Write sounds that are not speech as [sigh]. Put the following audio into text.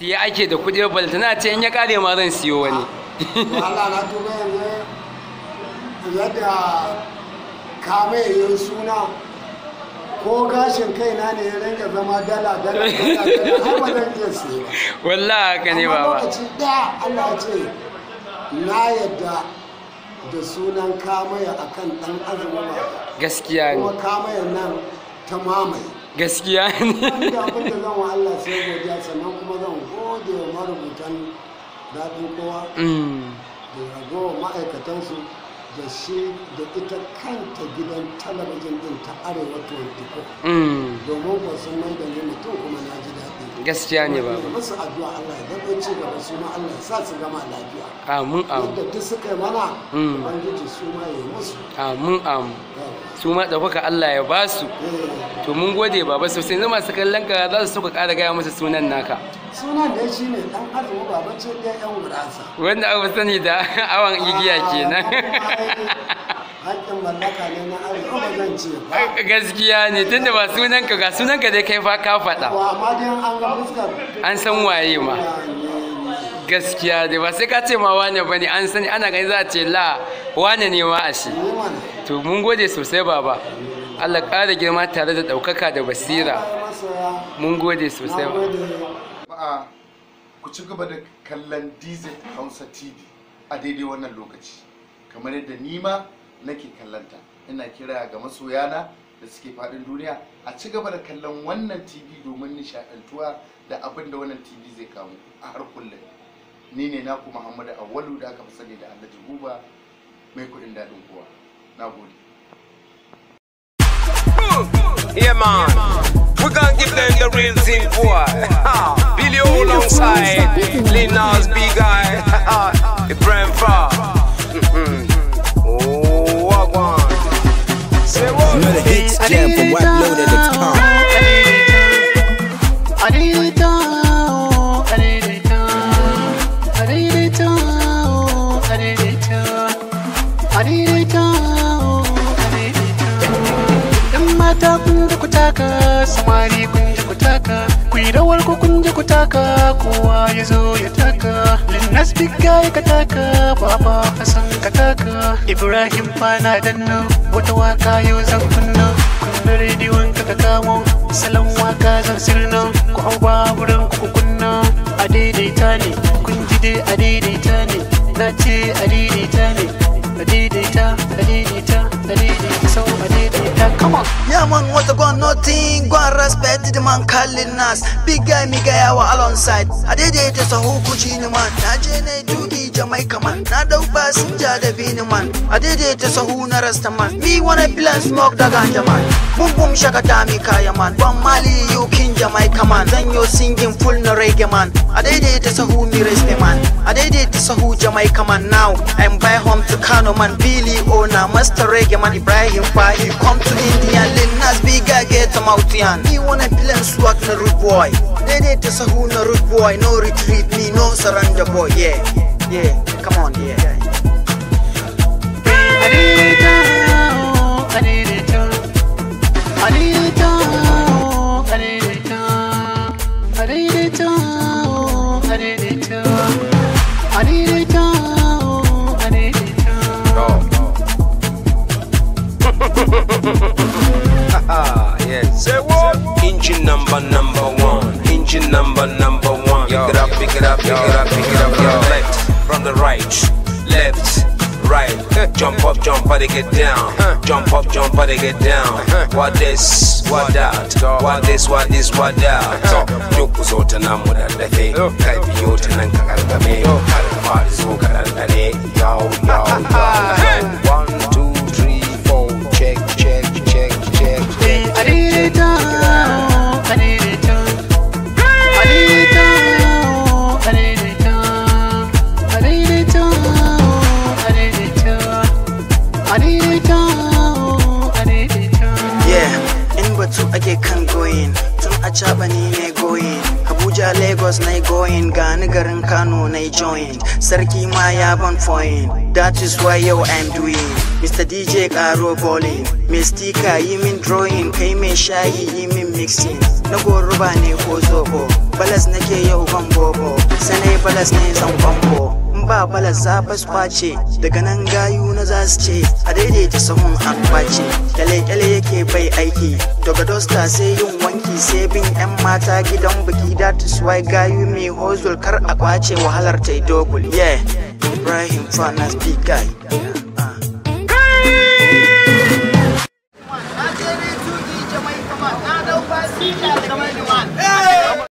siya ake da kuɗi balantana ce in ya ƙare ma zan siyo wani wahala na tuba yanzu yadda kamayayyar suna ko gashin kai na ne ya ringa zama dala dala dala har ba zan iya siya wallahi haka ne baba lokaci da Allah ce na yadda da sunan kamaya akan dan azumi gaskiya ne kuma kamayan nan ta mamaye gaskiya ne da abin da zan wa Allah sai godiya sannan kuma zan gode wa marubutan daɗin kowa mm. da ragowar ma'aikatansu da shi da ita kanta gidan talabijin din ta arewa 24 mm. domin ba sun mai da mutum kuma na ji daɗi gaskiya ne ba masu addu'a Allah ya dago ci gaba su ma Allah ya Allah ya ba su to mun gode baba sosai yanzu masu kallon ka za su ka ƙara gaya masa sunan naka sunan da shi ne dan da yan wurasa wanda aka sani da awan igiya kenan ne ba ba gaskiya ne tunda ba sunan ka ga sunan ka dai kai fa ka faɗa an san waye ma gaskiya dai ba sai ka ce ma wane bane an sani ana gani za a ce la wane ne ma a shi to mun gode sosai baba Allah ƙara girma tare da ɗaukaka da basira mun gode sosai ba ku ci gaba da kallon dz hausa tv a daidai wannan lokaci kamar yadda nima nake kallanta ina kira ga masoyana da suke faɗin duniya a ci gaba da kallon wannan tv domin nishaɗantuwa da abin da wannan tv zai kamu a har kullum ni ne naku muhammadu awalu da aka fi sani da allah buba mai kuɗin daɗin kowa na gode Yeah, man. We gonna give them the real thing, boy. Billy alongside Lil Nas, B guy, [laughs] Ibrahim Farr. Another hits jam for I need it all. I need it all. I need it all. I need it all. I need it all. I need it all. Yan mata kun da ku yi rawar ku kun ji ku taka kowa ya zo ya taka linnas bigga ya ka taka baba Hassan ka taka ibrahim fana danno wata waka yau zan kunno kunna rediyon ka ka kamo salon waka zan sirno ku hau baburan ku kunna a daidaita ne kun ji dai a daidaita ne na ce a daidaita ne a daidaita a daidaita a daidaita sau a daidaita kama on man nothing, go and respect the man calling us. Big guy, me guy, our alongside. I did it as a whole kuchini man. Najene duty, Jamaica man. Nada Nado passenger, the vini man. I did it as a who narasta man. Me wanna plan smoke the ganja man. Boom boom shakata mi kaya man. One mali, you king Jamaica man. Then you're singing full no reggae man. I did it as a who me reste man. I did it as a who Jamaica man now. I'm by home to Kano man. Billy owner, oh, master reggae man. Ibrahim Fahi. Come to India, Linas, big again daidaita mautian ni wani plan swag na root boy daidaita sahu na root boy no retreat me no surrender boy yeah yeah come on yeah Engine number number one. Engine number number one. Pick it up, pick it up, pick it up, pick it up. the left, from the right, left. Right, jump up, jump, but they get down. Jump up, jump, but they get down. What this, what that, what this, what this, what that. Ndugu One Lagos na going gani garin Kano na join Sarki ma ya ban foin That is why yau I'm doing Mr. DJ Karo bowling Mistika yi min drawing kai mai shayi yi min mixing Na goruba ne ko zobo Balas nake yau ban bobo Sanai balas ne zan kwambo ba balas za kwace daga nan gayu na za su ce a daidaita sahun kwace kyale kyale ne bai aiki daga dosta sai yin wanki sai bin yan mata gidan biki da ta why gayu mai hozul kar a kwace wahalar ta dogul yeah ibrahim fana speak guy uh.